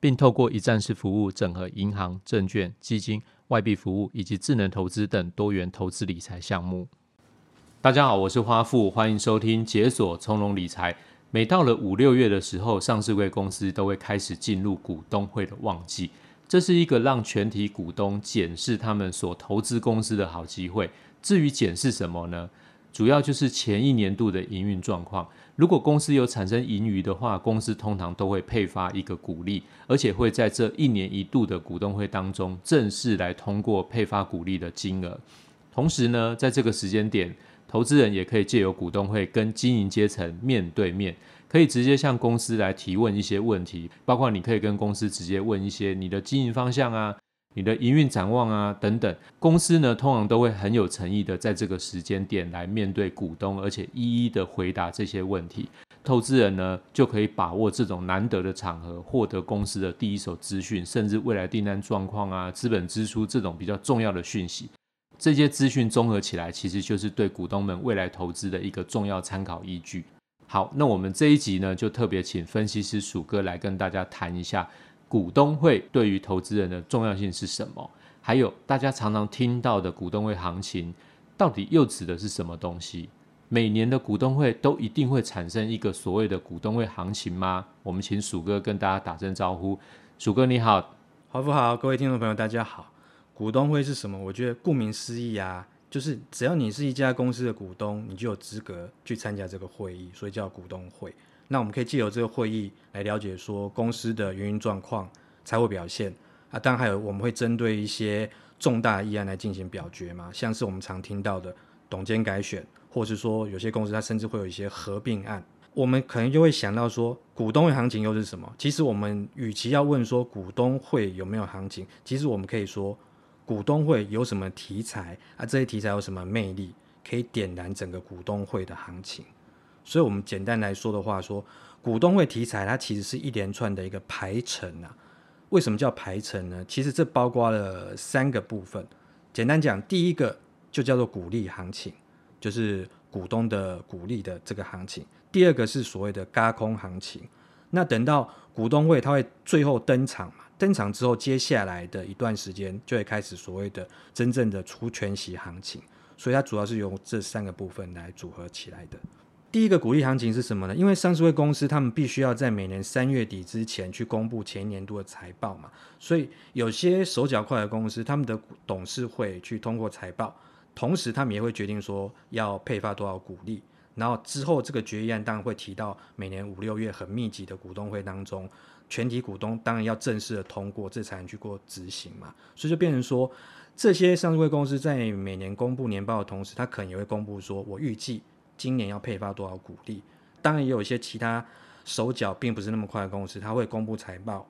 並透過一站式服務整合銀行、證券、基金、外幣服務以及智能投資等多元投資理財項目。大家好，我是花富，歡迎收聽《解鎖從容理財》。每到了五六月的時候，上市櫃公司都會開始進入股東會的旺季，這是一個讓全體股東檢視他們所投資公司的好機會。至於檢視什麼呢？主要就是前一年度的營運狀況。如果公司有產生盈餘的話，公司通常都會配發一個股利，而且會在這一年一度的股東會當中正式來通過配發股利的金額。同時呢，在這個時間點，投資人也可以借由股東會跟經營階層面對面，可以直接向公司來提問一些問題，包括你可以跟公司直接問一些你的經營方向啊。你的營運展望啊等等，公司呢通常都會很有誠意的在這個時間點來面對股東，而且一一的回答這些問題。投資人呢就可以把握這種難得的場合，獲得公司的第一手資訊，甚至未來訂單狀況啊、資本支出這種比較重要的訊息。這些資訊綜合起來，其實就是對股東們未來投資的一個重要參考依據。好，那我們這一集呢，就特別請分析師鼠哥來跟大家談一下。股東會對於投資人的重要性是什麼？還有大家常常聽到的股東會行情，到底又指的是什麼東西？每年的股東會都一定會產生一個所謂的股東會行情嗎？我們請鼠哥跟大家打聲招呼。鼠哥你好，華富好，各位聽眾朋友大家好。股東會是什麼？我覺得顧名思義啊，就是只要你是一家公司的股東，你就有資格去參加這個會議，所以叫股東會。那我們可以借由這個會議來了解說公司的營運狀況、財務表現啊，當然還有我們會針對一些重大議案來進行表決嘛，像是我們常聽到的董監改選，或是說有些公司它甚至會有一些合併案，我們可能就會想到說股東會行情又是什麼？其實我們與其要問說股東會有沒有行情，其實我們可以說股東會有什麼題材啊？這些題材有什麼魅力，可以點燃整個股東會的行情。所以，我們簡單來說的話說，說股東會題材它其實是一連串的一個排程啊。為什麼叫排程呢？其實這包括了三個部分。簡單講，第一個就叫做股利行情，就是股東的股利的這個行情；第二個是所謂的軋空行情。那等到股東會，它會最後登場嘛，登場之後，接下來的一段時間就會開始所謂的真正的除權息行情。所以，它主要是由這三個部分來組合起來的。第一個股利行情是什麼呢？因為上市櫃公司他們必須要在每年三月底之前去公布前一年度的財報嘛，所以有些手腳快的公司，他們的董事會去通過財報，同時他們也會決定說要配發多少股利，然後之後這個決議案當然會提到每年五六月很密集的股東會當中，全體股東當然要正式的通過，這才能去過執行嘛。所以就變成說，這些上市櫃公司在每年公布年報的同時，他可能也會公布說，我預計。今年要配發多少股利？當然也有一些其他手腳並不是那麼快的公司，他會公布財報，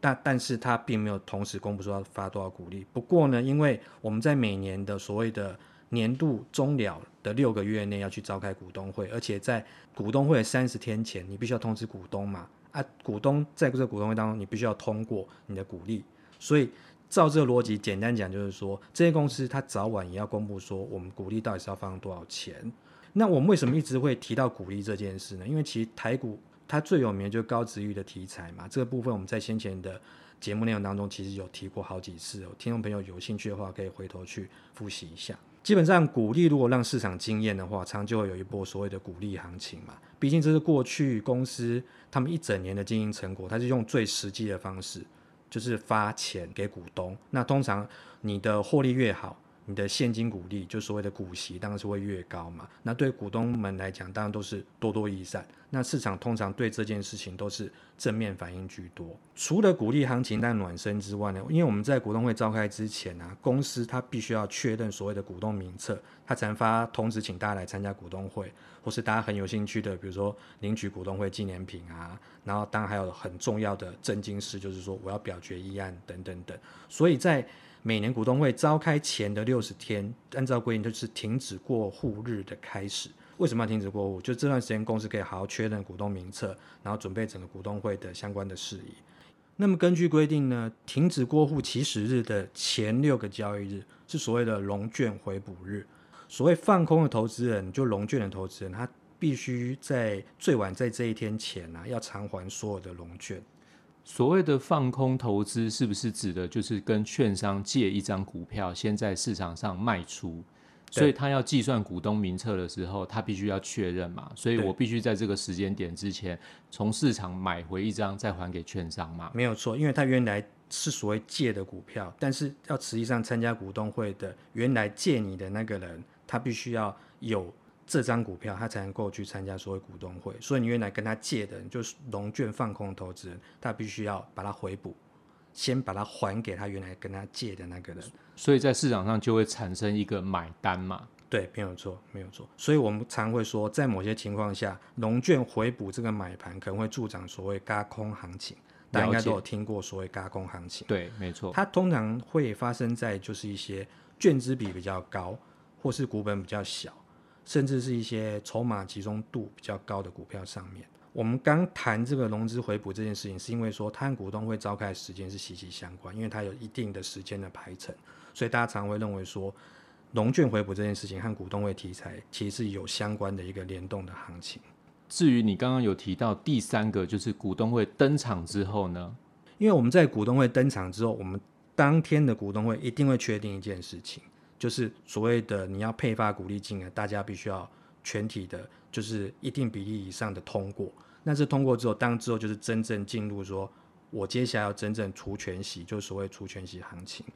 但但是它並沒有同時公布說要發多少股利。不過呢，因為我們在每年的所謂的年度終了的六個月內要去召開股東會，而且在股東會三十天前，你必須要通知股東嘛。啊，股東在這個股東會當中，你必須要通過你的股利。所以，照這個邏輯，簡單講就是說，這些公司它早晚也要公布說，我們股利到底是要發多少錢。那我們為什麼一直會提到股利這件事呢？因為其實台股，它最有名的就是高殖利率的題材嘛。這個部分我們在先前的節目內容當中其實有提過好幾次哦，聽眾朋友有興趣的話可以回頭去複習一下。基本上股利如果讓市場驚艷的話，常常就會有一波所謂的股利行情嘛。畢竟這是過去公司他們一整年的經營成果，它是用最實際的方式，就是發錢給股東。那通常你的獲利越好你的現金股利就所謂的股息，當然是會越高嘛。那對股東們來講，當然都是多多益善。那市場通常對這件事情都是正面反應居多。除了股利行情在暖身之外呢，因為我們在股東會召開之前啊，公司它必須要確認所謂的股東名冊，它才發通知請大家來參加股東會，或是大家很有興趣的，比如說，領取股東會紀念品啊。然後當然還有很重要的正經事，就是說我要表決議案等等等。所以在每年股東會召開前的六十天，按照規定就是停止過戶日的開始。為什麼要停止過戶？就這段時間公司可以好好確認股東名冊，然後準備整個股東會的相關的事宜。那麼根據規定呢，停止過戶起始日的前六個交易日是所謂的融券回補日。所謂放空的投資人，就融券的投資人，他必須在最晚在這一天前呢、啊，要償還所有的融券。所謂的放空投資，是不是指的就是跟券商借一張股票，先在市場上賣出？對所以他要計算股東名冊的時候，他必須要確認嘛？所以我必須在這個時間點之前從市場買回一張，再還給券商嘛？沒有錯，因為他原來是所謂借的股票，但是要實際上參加股東會的，原來借你的那個人，他必須要有。這張股票，他才能夠去參加所謂股東會。所以你原來跟他借的人，就是融券放空投資人，他必須要把它回補，先把它還給他原來跟他借的那個人。所以在市場上就會產生一個買單嘛？對，沒有錯，沒有錯。所以我們常會說，在某些情況下，融券回補這個買盤可能會助長所謂軋空行情。大家了解。應該都有聽過所謂軋空行情。對，沒錯。它通常會發生在就是一些券資比比較高，或是股本比較小。甚至是一些籌碼集中度比較高的股票上面，我們剛談這個融資回補這件事情，是因為說它和股東會召開的時間是息息相關，因為它有一定的時間的排程，所以大家常常會認為說，融券回補這件事情和股東會題材其實是有相關的一個聯動的行情。至於你剛剛有提到第三個，就是股東會登場之後呢，因為我們在股東會登場之後，我們當天的股東會一定會確定一件事情。就是所謂的你要配發股利金啊，大家必須要全體的，就是一定比例以上的通過。那這通過之後，當之後就是真正進入說，我接下來要真正除權息，就是所謂除權息行情。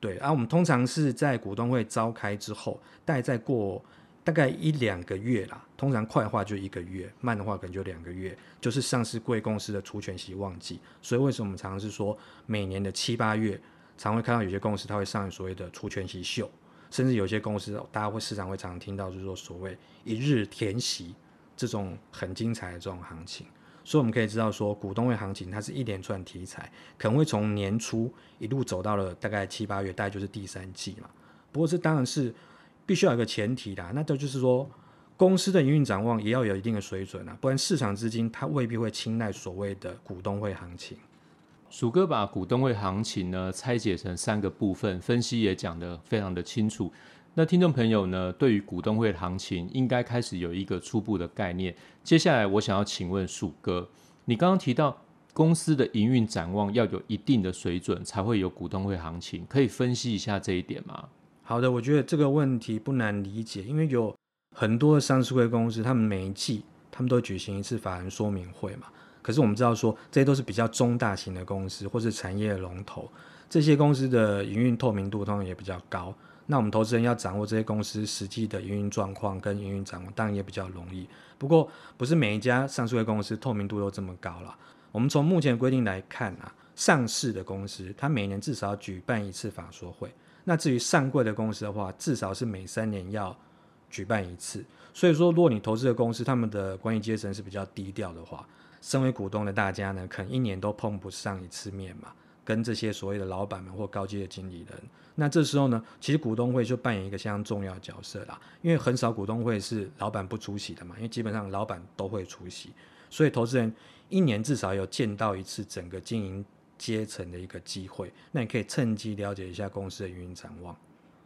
對，啊，我們通常是在股東會召開之後，大概再過大概一兩個月啦，通常快的話就一個月，慢的話可能就兩個月，就是上市櫃公司的除權息旺季。所以為什麼我們常常是說，每年的七八月，常會看到有些公司它會上所謂的除權息秀。甚至有些公司，大家會時常會常聽到，就是說所謂一日填息這種很精彩的這種行情，所以我們可以知道說，股東會行情它是一連串題材，可能會從年初一路走到了大概七八月，大概就是第三季嘛。不過這當然是必須要有一個前提的，那這就是說公司的營運展望也要有一定的水準啊，不然市場資金它未必會青睞所謂的股東會行情。鼠哥把股東會行情呢拆解成三個部分，分析也講得非常的清楚。那聽眾朋友呢，對於股東會行情應該開始有一個初步的概念。接下來我想要請問鼠哥，你剛剛提到公司的營運展望要有一定的水準，才會有股東會行情，可以分析一下這一點嗎？好的，我覺得這個問題不難理解，因為有很多的上市櫃公司，他們每一季他們都舉行一次法人說明會嘛。可是我們知道說，這些都是比較中大型的公司，或是產業龍頭，這些公司的營運透明度通常也比較高。那我們投資人要掌握這些公司實際的營運狀況跟營運掌握，當然也比較容易。不過，不是每一家上市的公司透明度都這麼高啦。我們從目前的規定來看啊，上市的公司它每年至少要舉辦一次法說會。那至於上櫃的公司的話，至少是每三年要舉辦一次。所以說，如果你投資的公司他們的管理階層是比較低調的話，身為股東的大家呢，可能一年都碰不上一次面嘛，跟這些所謂的老闆們或高級的經理人。那這時候呢，其實股東會就扮演一個相當重要角色啦，因為很少股東會是老闆不出席的嘛，因為基本上老闆都會出席，所以投資人一年至少有見到一次整個經營階層的一個機會，那你可以趁機了解一下公司的營運展望。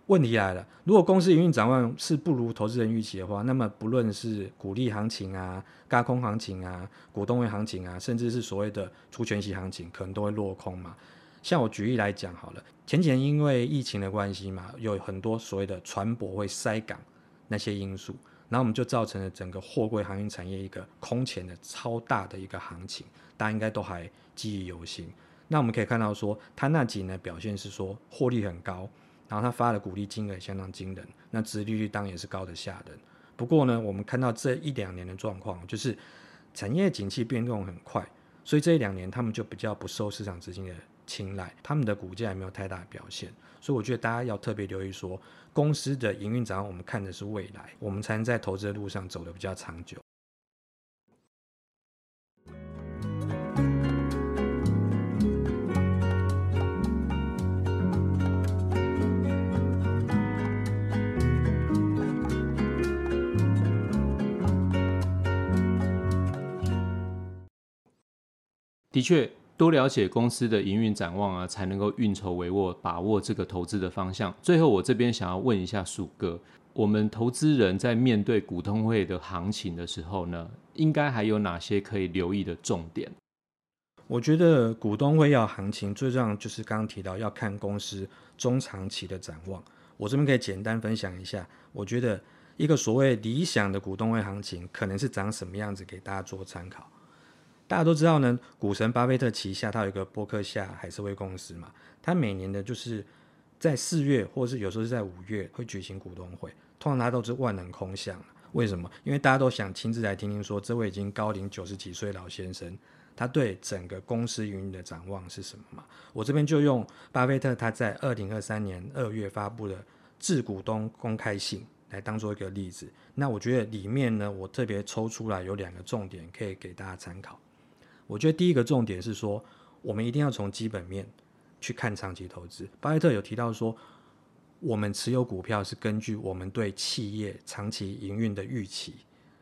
問題來了，如果公司營運展望是不如投資人預期的話，那麼不論是股利行情啊、軋空行情啊、股東會行情啊，甚至是所謂的除權息行情，可能都會落空嘛。像我舉例來講好了，前幾年因為疫情的關係嘛，有很多所謂的船舶會塞港那些因素，然後我們就造成了整個貨櫃航運產業一個空前的超大的一個行情，大家應該都還記憶猶新。那我們可以看到說，它那幾年的表現是說獲利很高。然後他發的股利金額也相當驚人，那殖利率當然也是高的嚇人。不過呢，我們看到這一兩年的狀況，就是產業景氣變動很快，所以這一兩年他們就比較不受市場資金的青睞，他們的股價也沒有太大的表現。所以我覺得大家要特別留意說，公司的營運長，我們看的是未來，我們才能在投資的路上走得比較長久。的確，多了解公司的營運展望啊，才能夠運籌帷幄，把握這個投資的方向。最後，我這邊想要問一下鼠哥，我們投資人在面對股東會的行情的時候呢，應該還有哪些可以留意的重點？我覺得股東會要行情，最重要就是剛剛提到要看公司中長期的展望。我這邊可以簡單分享一下，我覺得一個所謂理想的股東會行情，可能是長什麼樣子，給大家做參考。大家都知道呢，股神巴菲特旗下他有一個伯克夏海瑟威公司嘛，他每年的就是在四月，或者是有時候是在五月會舉行股東會，通常他都是萬人空巷，為什麼？因為大家都想親自來聽聽說這位已經高齡九十幾歲老先生，他對整個公司營運的展望是什麼嘛？我這邊就用巴菲特他在二零二三年二月發布的致股東公開信來當做一個例子。那我覺得裡面呢，我特別抽出來有兩個重點可以給大家參考。我覺得第一個重點是說，我們一定要從基本面去看長期投資。巴菲特有提到說，我們持有股票是根據我們對企業長期營運的預期，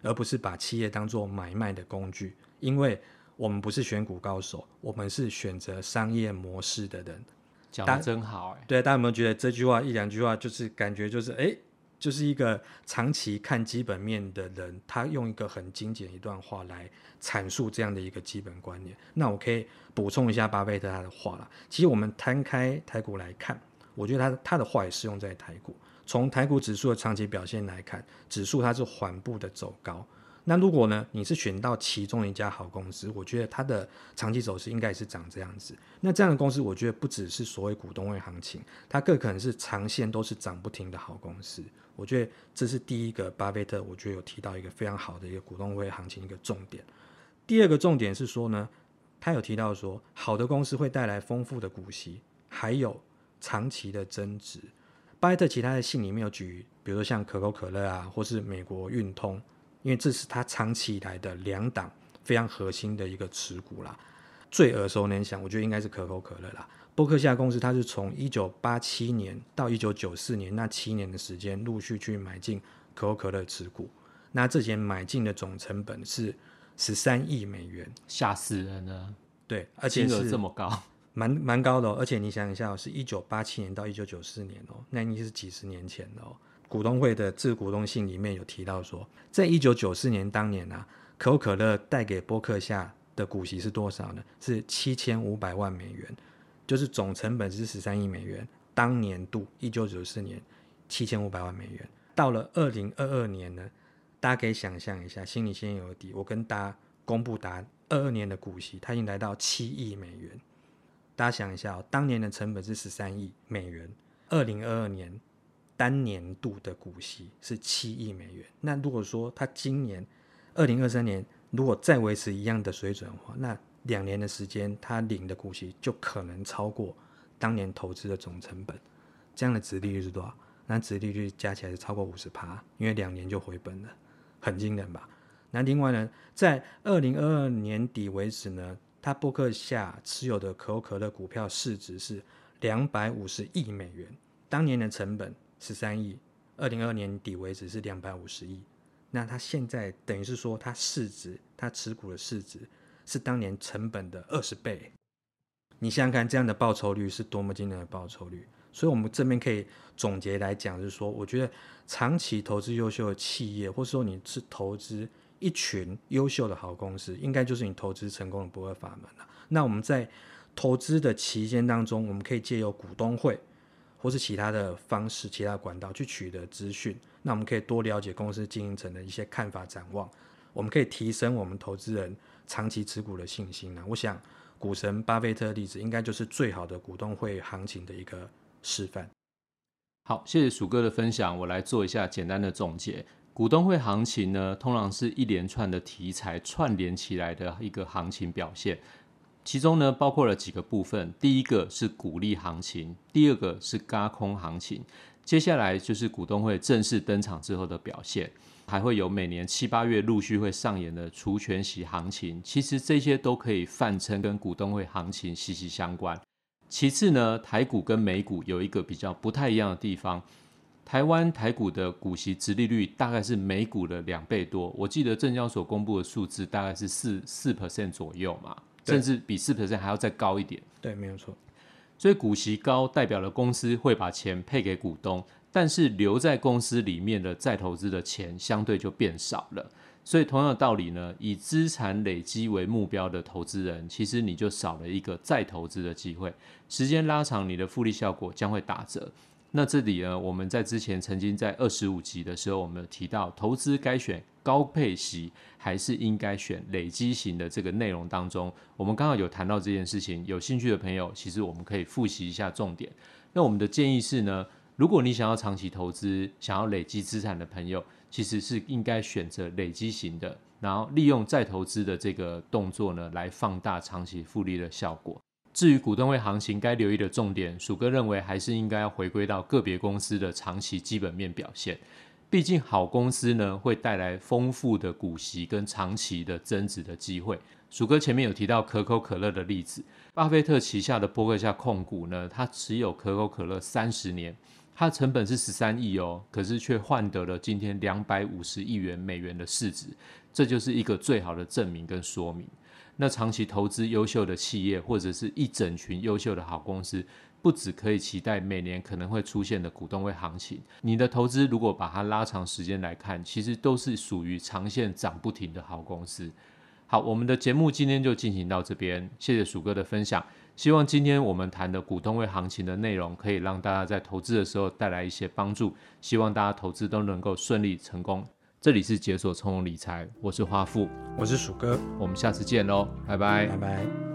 而不是把企業當做買賣的工具。因為我們不是選股高手，我們是選擇商業模式的人。講得真好哎，欸！對，大家有沒有覺得這句話一兩句話就是感覺就是哎？誒就是一個長期看基本面的人，他用一個很精簡的一段話來闡述這樣的一個基本觀念。那我可以補充一下巴菲特他的話啦。其實我們攤開台股來看，我覺得他他的話也適用在台股。從台股指數的長期表現來看，指數它是緩步的走高。那如果呢，你是選到其中一家好公司，我覺得它的長期走勢應該是長這樣子。那這樣的公司，我覺得不只是所謂股東會行情，它更可能是長線都是漲不停的好公司。我覺得這是第一個巴菲特，我覺得有提到一個非常好的一個股東會行情一個重點。第二個重點是說呢，他有提到說，好的公司會帶來豐富的股息，還有長期的增值。巴菲特其他的信裡面有舉，比如說像可口可樂啊，或是美國運通。因為這是他長期以來的兩檔非常核心的一個持股啦，最耳熟能詳，我覺得應該是可口可樂啦。波克夏公司它是從一九八七年到一九九四年那七年的時間，陸續去買進可口可樂持股，那這些買進的總成本是十三億美元，嚇死人了。對，而且是這麼高，蠻蠻高的哦。而且你想一下，是一九八七年到一九九四年哦，那你是幾十年前了哦。股東會的致股東信裡面有提到說，在一九九四年當年啊，可口可樂帶給波克夏的股息是多少呢？是七千五百萬美元，就是總成本是十三億美元。當年度一九九四年，七千五百萬美元。到了二零二二年呢，大家可以想象一下，心裡先有個底。我跟大家公布達二二年的股息，它已經來到七億美元。大家想一下哦，當年的成本是十三億美元，二零二二年。單年度的股息是七億美元。那如果說他今年二零二三年如果再維持一樣的水準的話，那兩年的時間他領的股息就可能超過當年投資的總成本。這樣的殖利率是多少？那殖利率加起來是超過五十趴，因為兩年就回本了，很驚人吧？那另外呢，在二零二二年底為止呢，他波克夏持有的可口可樂股票市值是兩百五十億美元，當年的成本。十三億，二零二二年底為止是兩百五十億。那它現在等於是說，它市值，它持股的市值是當年成本的二十倍。你想想看，這樣的報酬率是多麼驚人的報酬率。所以，我們這邊可以總結來講，就是說，我覺得長期投資優秀的企業，或是說你是投資一群優秀的好公司，應該就是你投資成功的不二法門了。那我們在投資的期間當中，我們可以借由股東會。或是其他的方式、其他管道，去取得資訊，那我們可以多了解公司經營層的一些看法展望，我們可以提升我們投資人長期持股的信心呢。我想，股神巴菲特的例子應該就是最好的股東會行情的一個示範。好，謝謝鼠哥的分享，我來做一下簡單的總結。股東會行情呢，通常是一連串的題材串聯起來的一個行情表現。其中呢，包括了幾個部分。第一個是股利行情，第二個是軋空行情，接下來就是股東會正式登場之後的表現，還會有每年七八月陸續會上演的除權息行情。其實這些都可以泛稱跟股東會行情息息相關。其次呢，台股跟美股有一個比較不太一樣的地方，台灣台股的股息殖利率大概是美股的兩倍多。我記得證交所公布的數字大概是四四 percent 左右嘛。對，甚至比四 percent 還要再高一點。對，沒有錯。所以股息高代表了公司會把錢配給股東，但是留在公司裡面的再投資的錢相對就變少了。所以同樣的道理呢，以資產累積為目標的投資人，其實你就少了一個再投資的機會。時間拉長，你的複利效果將會打折。那這裡呢，我們在之前曾經在二十五集的時候，我們有提到投資該選高配息還是應該選累積型的這個內容當中，我們剛好有談到這件事情。有興趣的朋友，其實我們可以複習一下重點。那我們的建議是呢，如果你想要長期投資、想要累積資產的朋友，其實是應該選擇累積型的，然後利用再投資的這個動作呢，來放大長期複利的效果。至於股東會行情，該留意的重點，鼠哥認為還是應該要回歸到個別公司的長期基本面表現。畢竟好公司呢，會帶來豐富的股息跟長期的增值的機會。鼠哥前面有提到可口可樂的例子，巴菲特旗下的波克夏控股呢，它持有可口可樂三十年，它成本是十三億哦，可是卻換得了今天兩百五十億元美元的市值，這就是一個最好的證明跟說明。那長期投資優秀的企業，或者是一整群優秀的好公司，不止可以期待每年可能會出現的股東會行情。你的投資如果把它拉長時間來看，其實都是屬於長線漲不停的好公司。好，我們的節目今天就進行到這邊，謝謝鼠哥的分享。希望今天我們談的股東會行情的內容，可以讓大家在投資的時候帶來一些幫助。希望大家投資都能夠順利成功。這裡是解鎖從容理財，我是花富，我是鼠哥，我們下次見嘍，拜拜，拜拜。